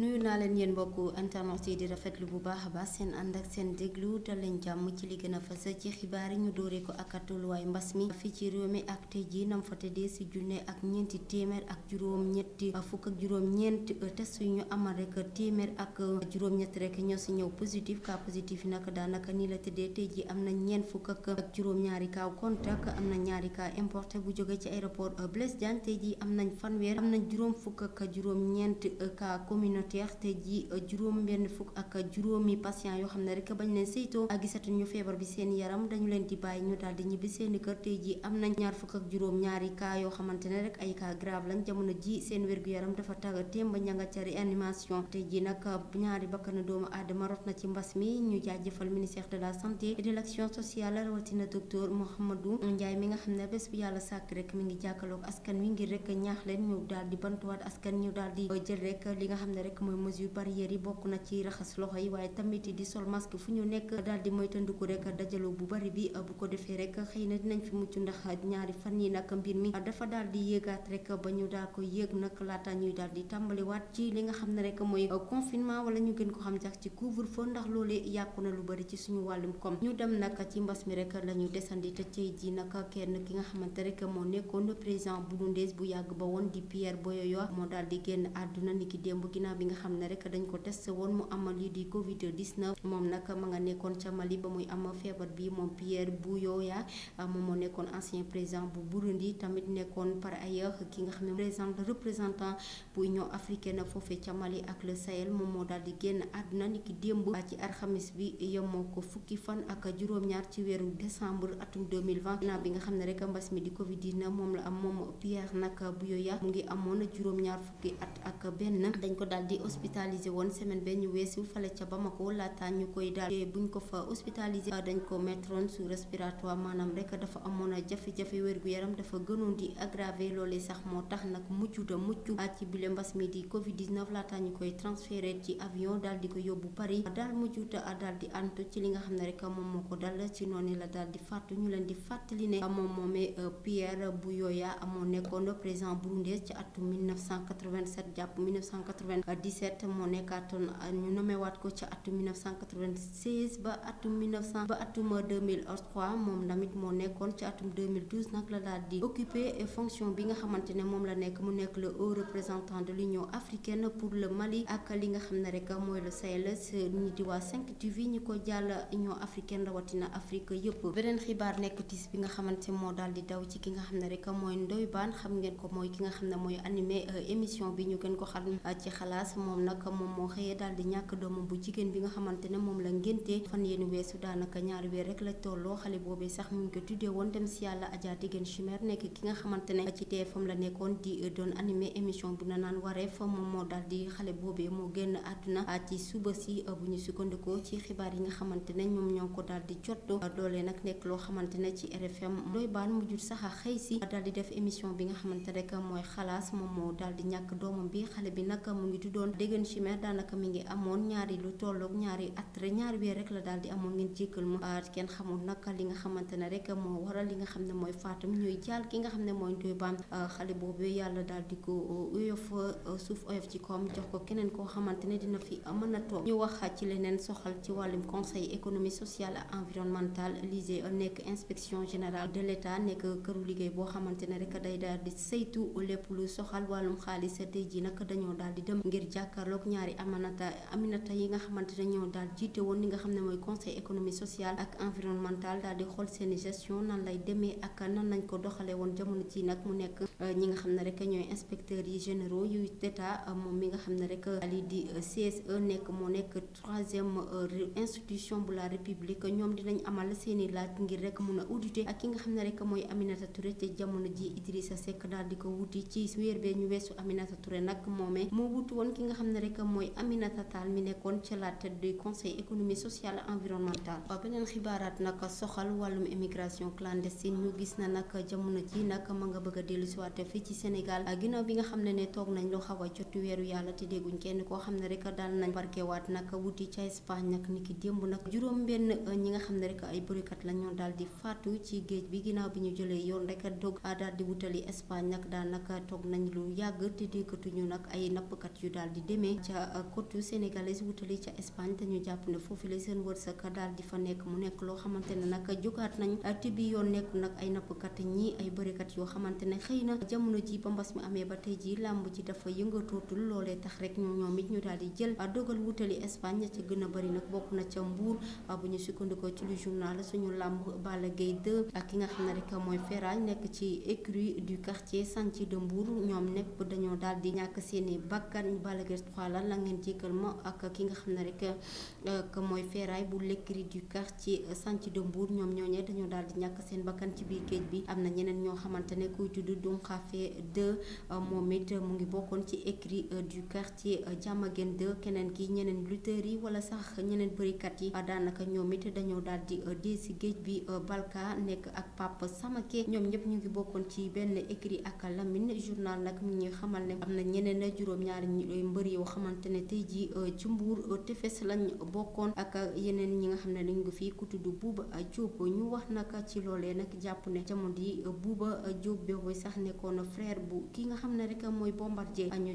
nuyu naa leen yéen mbokk internet yi di rafetlu bu baax a baax seen ànd ak seen déglu dal leen jàmm ci li gën a fës ci xibaar yi ñu doore ko ak tolluwaay mbas mi fii ci réew mi ak tey jii nam fa tëddee si junne ak ñeenti téeméer ak juróom-ñetti fukk ak juróom-ñeenti test yu ñu amal rek téeméer ak juróom-ñett rek ñoo si ñëw positif cas positif yi nag daanaka ni la tëddee tey jii am na ñeent fukk ak juróom-ñaari cas contact am na ñaari cas importé bu jóge ci aéroport Blaise Diagne tey jii am nañ fanweer am na juróom fukk ak ñeent Angleterre te ji juróom benn fukk ak juróomi patient yoo xam ne rek bañ leen saytoo ak gisatu ñu feebar bi seen yaram dañu leen di bàyyi ñu daal di ñibbi seen kër tey ji am na ñaar fukk ak juróom ñaari cas yoo xamante ne rek ay cas grave lañ jamono ji seen wér yaram dafa tàgga témba ñanga ca réanimation tey ji nag ñaari bakkan doomu aadama rot na ci mbas mi ñu jaajëfal ministère de la santé et de l'action sociale rawatina docteur Mouhamadou Ndiaye mi nga xam ne bés bu yàlla sàkk rek mi ngi jàkkaloog askan wi ngir rek ñaax leen ñu daal di bantuwaat askan ñu daal di jël rek li nga xam ne rek moy mesure barrière yi bokku na ci raxas loxo yi tamit di sol masque fu ñu nekk dal di ko rek dajalo bu bari bi bu ko defé rek xeyna dinañ fi muccu ndax ñaari fan yi nak mbir mi dafa dal di yegaat rek ba ñu dal ko yeg nak laata ñuy dal di tàmbaliwaat ci li nga xamne rek moy confinement wala ñu gën ko xam jax ci couvre feu ndax lolé yakku na lu bari ci suñu walum kom ñu dem nak ci mbas mi rek lañu descendi te cey ji nak kenn ki nga xamantene rek moo le président burundais bu yag ba won di Pierre Boyoyo mo dal di genn aduna niki dembu ginnaaw bi nga xamne rek dañ ko testé won mu amal li di covid 19 mom nak ma nga nekkon ca mali ba muy am feebar bi mom pierre bouyoya ah, mom mo nekkon ancien président bu burundi tamit nekkon par ailleurs ki nga xamne président représentant bu union africaine fofé ca mali ak le sahel mom mo dal di genn àdduna ni ki démb ci arxamis bi yemoo ko fukki fan ak juroom ñaar ci wéru décembre atum 2020 na bi nga xamne rek mbas mi di covid 19 mom la am mom pierre nag bouyoya mu ngi amone juroom ñaar fukki at ak ben dañ ko dal di hospitalisé woon semaine ba ñu weesu fale ca Bamako laata ñu koy daal buñ ko fa hospitalisé dañ ko mettroon sous respiratoire maanaam rek dafa amoon a jafe-jafe yaram dafa gënoon di aggravé loolee sax moo tax nag mucc da ci bile mbas mi di Covid 19 laata ñu koy transféré ci avion daal di ko yóbbu Paris daal mujjuta daal di antu ci li nga xam ne rek moom moo ko dal ci noonu la daal di fàttu ñu leen di fàttali ne moom moomee euh, Pierre Buyoya amoon nekkoon 17 moo nekkaatoon ñu wat ko ci atum 1996 ba atum 1900 ba atum 2003 mom tamit mo nekkoon ci atum 2012 nak la daal di occupé fonction bi nga xamantene mom la nekk mu nekk le haut représentant de l'Union africaine pour le Mali ak li nga xam rek moy le Sahel ñi di wa 5 TV ñi ko Union africaine rawatina Afrique yëpp beneen xibar nekk tis bi nga xamantene mo daal di daw ci ki nga xam rek moy Ndoye Bane xam ngeen ko moy ki nga xam moy animé euh, émission bi ñu gën ko xal euh, ci xalaas place mom nak mom mo xeye dal di ñak doom bu jigen bi nga xamantene mom la ngenté fan wessu da naka ñaar wé rek la tolo xale bobé sax mu ngi ko tuddee woon dem ci yalla Adja digen Chimère nek ki nga xamantene ne ci TFM la nekkoon di don animé émission bu na waré wareef mom mo dal di xale boobee moo génn àdduna ci suba si bu ñu ko ci xibaar yi nga xamantene ñom ñoo ko daal di jotto loolee nak nek lo xamantene ci RFM doy baan jur sax a ci dal di def émission bi nga xamantene rek moy xalaas mom mo dal di ñak doom bi xale bi nak mu ngi tuddoo doon déggan chimère daanaka mi ngi amoon ñaari lu tolloog ñaari atré rek ñaari weer rek la daal di amoon ngeen jékkal mu ah, kenn xamul nag li nga xamante ne rek moo waral li nga xam ne mooy faatam ñuy jaal ki nga xam ne mooy Ndoye Bane ah, xale boobu yàlla daal di ko oyof uh, uh, suuf oyof ci koom jox ko keneen koo xamante ne dina fi mën a toog ñu wax ci leneen soxal ci wàllum conseil économique social et environnemental lisee uh, nekk inspection général de l'état nekk këru liggéey boo xamante ne rek day daal di saytu lépp lu soxal wàllum xaalis tey ji nag dañoo daal di dem ngir jàkkaarloog ñaari amanata aminata yi nga xamante ne ñoo daal jiite woon li nga xam ne mooy conseil économique social ak environnemental daal di xool seen gestion nan lay demee ak nan nañ ko doxalee woon jamono ji nag mu nekk euh, ñi nga xam ne rek ñooy inspecteurs yi généraux yu d'état euh, moom mi nga xam ne rek euh, lii di CSE nekk moo nekk troisième institution bu la république ñoom dinañ amal seeni i laaj ngir rek mun a auditer ak ki nga xam ne rek mooy Aminata Touré te jamono ji Idrissa Seck daal di ko wuti ci weer bee ñu weesu Aminata Touré nag moo ki nga xam ne rek mooy Aminata Tall mi nekkoon ca la tête du conseil économique social et environnemental beneen xibaaraat nag soxal wàllum immigration clandestine ñu gis na nag jamono ji nag ma nga bëgg a dellu siwaat fii ci senegal ak ginnaaw bi nga xam ne ne toog nañ lu xaw jot weeru yàlla te dégguñ kenn koo xam ne rek daal nañ barkewaat nag wuti ca Espagne nag niki démb nag juróom benn ñi nga xam ne rek ay bërikat la ñoo daal di faatu ci géej bi ginnaaw bi ñu jëlee yoon rek dog daal di wutali Espagne nag daal nag toog nañ lu yàgg te déggatuñu nag ay nappkat yu daal di deme ca uh, côte sénégalaise wutali ca espagne te ñu jàpp ne sen la sa ka dal di fa nek mu nek lo xamantene nak jukat nañ uh, ti bi yoon nekk nag ay kat ñi ay bërikat kat yo xamantene xeyna jamono ji ba mbas mi amé ba tay ji lamb ji dafa yëngatootul lolé tax rek ñoom it ñu dal di jël uh, dogal wutali espagne ca gëna bari nak bokku na ca mbuur bu ñu ko ci le journal suñu lamb bala Gaye de ak ki nga xam rek moy Ferra nek ci écru du quartier Santhi de Mbour nek nekk dañoo dal di ñak seeni bakkan Balla Balla Gaye 3 lan la ngeen jégal ma ak ki nga xam ne rek euh, mooy feeraay bu l'écurie du quartier euh, Santhie de Mbour ñoom ñooñee dañoo daal di ñàkk seen bakkan ci biir géej bi am na ñeneen ñoo xamante ne kuy tudd Dunxafe 2 euh, moom it mu ngi bokkoon ci écurie du quartier Diamaguène de keneen ki ñeneen lutteurs yi wala sax ñeneen bërikat yi daanaka ñoom it dañoo daal di si géej bi Balka nekk ak Pape Samake ñoom ñëpp ñu ngi bokkoon ci benn écurie ak Lamine journal nag mi ñuy xamal ne am na yu mbër yoo xamante ne tey ji euh, ci mbuur euh, tefes lañ bokkoon ak yeneen ñi nga xam ne dañ ko fi ku tudd buuba jóob ñu wax naka ci loolee nag jàpp ne jamono yi euh, buuba jóob boobu sax nekkoon frère bu ki nga xam rek mooy bombardier ñu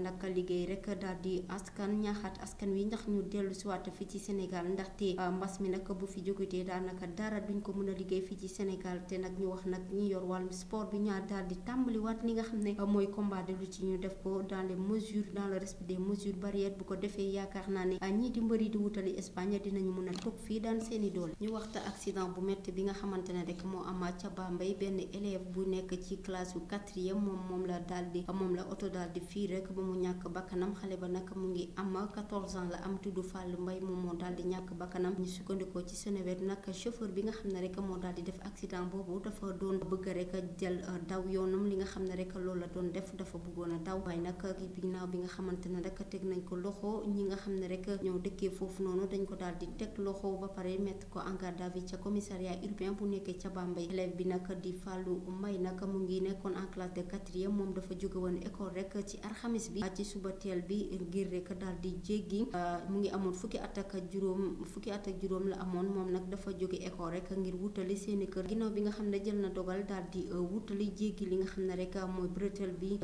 naka liggéey rek daal di askan ñaaxaat askan wi ndax ñu dellu waat fi ci sénégal ndaxte mbas mi nag bu fi jógatee daanaka dara duñ ko mën a liggéey fii ci sénégal te nag ñu wax nag ñi yor sport bi ñaar daal di waat ni nga xam ne mooy combat de lu ci ñu def ko dans les mesures dans le respect des mesures barrières bu ko defé yaakaar na ne ñi di mbeuri di wutali espagne dinañu mëna tok fi daan seeni doole ñu waxta accident bu metti bi nga xamantene rek mo ama ca bambay ben élève bu nekk ci classe 4e mom mom la daldi mom la auto daldi fi rek ba mu ñak bakanam xalé ba nak mu ngi am 14 ans la am tuddu fall mbay mom mo daldi ñak bakanam ñu sukkandikoo ci senewet nak chauffeur bi nga xamne rek mo daldi def accident bobu dafa doon bëgg rek jël eh, daw yoonum li nga xamne rek loolu la doon def dafa bëggona daw way nak ginnaaw bi nga xamante ne rek teg nañ ko loxo ñi nga xam ne rek ñoo dëkkee foofu noonu dañ ko daal di teg loxo ba pare mettre ko en garde à vue ca commissariat urbain bu nekkee ca Bambey élève bi nag di Fallou may nag mu ngi nekkoon en classe de quatrième moom dafa jóge woon école rek ci alxamis bi ci suba teel bi ngir rek daal di jéggi euh, mu ngi amoon fukki at juróom fukki at juróom la amoon moom nag dafa jóge école rek ngir wutali seeni kër ginnaaw bi nga xam ne jël na dogal daal di euh, wutali jéggi li nga xam ne rek mooy bretelle bi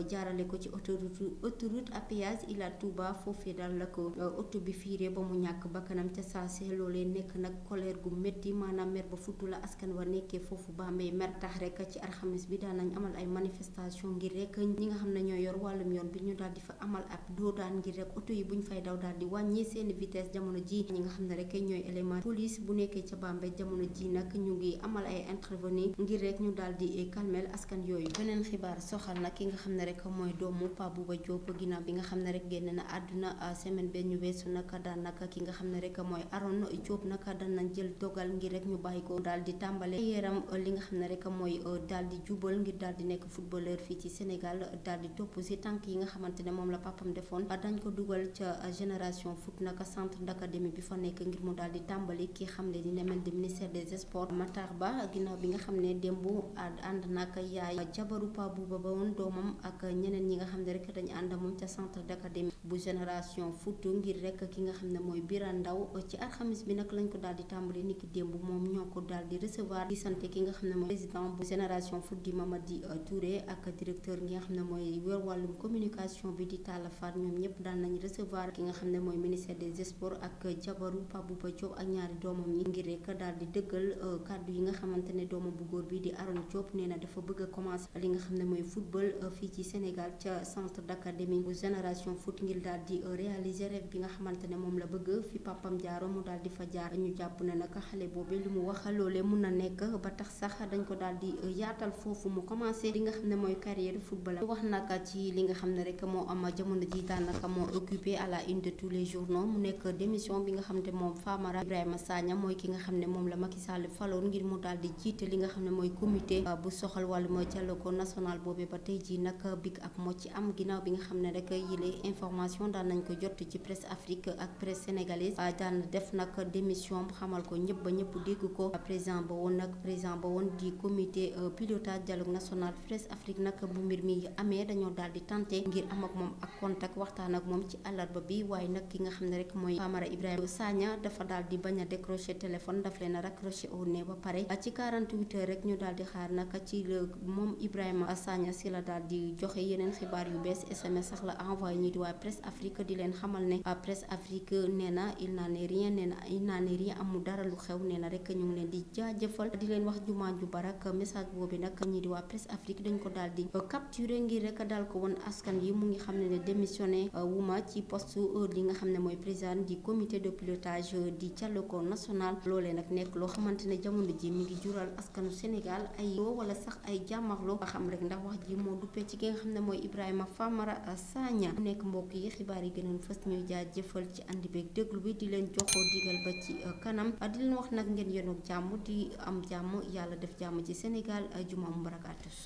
péage ila Touba foofee daal la ko euh, oto bi fiiree ba mu ñàkk bakkanam ca saase loolee nekk nag colère gu métti maanaam mer ba futu la askan wa nekkee foofu Bambey mer tax rek ci alxames bi daanañ amal ay manifestation ngir rek ñi nga xam ne ñoo yor wàllum yoon bi ñu daal di fa amal ab doo daan ngir rek oto yi buñ fay daw daal di wàññi seen vitesse jamono ji ñi nga xam ne rek ñooy élément police bu nekkee ca Bambey jamono ji nag ñu ngi amal ay intervenir ngir rek ñu daal di calmel askan yooyu xibaar soxal nag ki xam ne rek mooy doomu xam ne rek génn na àdduna euh, semaine benn ñu weesu naka daan ki nga xam ne rek mooy Arouna Diop naka daan nañ jël dogal ngir rek ñu bàyyi ko daal di tàmbale yaram euh, li nga xam ne rek mooy euh, daal di jubal ngir daal di nekk footballeur fii ci Sénégal daal di topp si tànk yi nga xamante ne moom la papam defoon dañ ko dugal ca génération foot naka centre d'académie bi fa nekk ngir mu daal di tàmbali ki xam ne dina mel di ministère des sports Matar Ba ginnaaw bi nga xam ne démb ànd naka yaay jabaru Pa Bouba ba woon doomam ak ñeneen ñi nga xam ne rek dañu ànd moom ca centre centre d'académie bu génération foot ngir rek ki nga xam ne mooy biira ndaw ci alxamis bi nag lañ ko daal di tàmbali niki démb moom ñoo ko daal di recevoir di sant ki nga xam ne mooy président bu génération foot di Mamadi euh, Touré ak directeur gi nga xam ne mooy yor wàllum communication bi di Talla Fall ñoom ñëpp daal nañ recevoir ki nga xam ne mooy ministère des sports ak jabaru Pape Bouba Diop ak ñaari doomam ñi ngir rek daal di dëggal euh, kàddu yi nga xamante ne doomam bu góor bi di Aaron Diop nee dafa bëgg a li nga xam ne mooy football euh, fii ci Sénégal ca centre d'académie opération foot ngir daal di euh, réaliser rêve bi nga xamantene mom la bëgg fi papam jaaro mu daal di fa jaar ñu japp ne nak xalé bobé limu waxa lolé mu na nek ba tax sax dañ ko daal di euh, yaatal fofu mu commencé li nga xam moy carrière football wax nak ci li nga xam rek mo am jamono ji nak mo occupé à la une de tous les journaux mu nek démission bi nga xam mom moom Famara Ibrahima Sagna moy ki nga xam mom la Macky Sall faloon ngir mu daal di jiite li nga xam moy comité euh, bu soxal wàllu mooy dialogue national bobé ba tay ji nak big ab mo ci am ginaaw bi nga xam rek les informations daan nañ ko jot ci presse Afrique ak presse sénégalaise ah, daan def nak démission xamal ko ñëpp ba ñëpp dégg ko ah, président ba won nak président ba won di comité euh, pilotage dialogue national presse Afrique nak bu mbir mi amee dañoo daal di tenté ngir am ak mom ak contact waxtaan ak mom ci àllarba bi waye nak ki nga xam rek moy amara Ibrahima sanya dafa daal di bañ décrocher téléphone daf leen raccroché au nez ba paré ah, ci 48 heures rek ñu daal di xaar nak ci moom Ibrahima Sagna si la daal di joxe yeneen xibaar yu bees SMS sax la envoyé. waaye ñii di wa presse afrique di len xamal ne presse afrique nena il n'en est rien nena il n'en est rien amu dara lu xew nee rek ñu ngi len di jaajeufal di len wax juma ju barak message bobu nak ñi di wa presse afrique dañ ko daal di capturer ngir rek dal ko won askan yi mu ngi xamne ne démissioné euh, wuma ci poste euh, li nga xamne moy président di comité de pilotage euh, di dialogue national lolé nak nek lo xamantene jamono ji mi ngi jural askanu sénégal ay yo wala sax ay jamarlo nga xam rek ndax wax ji mo duppé ci nga xamne moy ibrahima famara sañ ñaan nekk mbokk yi xibaar yi gënoon fës ñuy jëfal ci andi beeg déglu bi di leen joxoo digal ba ci euh, kanam di leen wax nag ngeen yenoog jàmm di am jàmm yàlla def jàmm ci Sénégal juma mu barakatus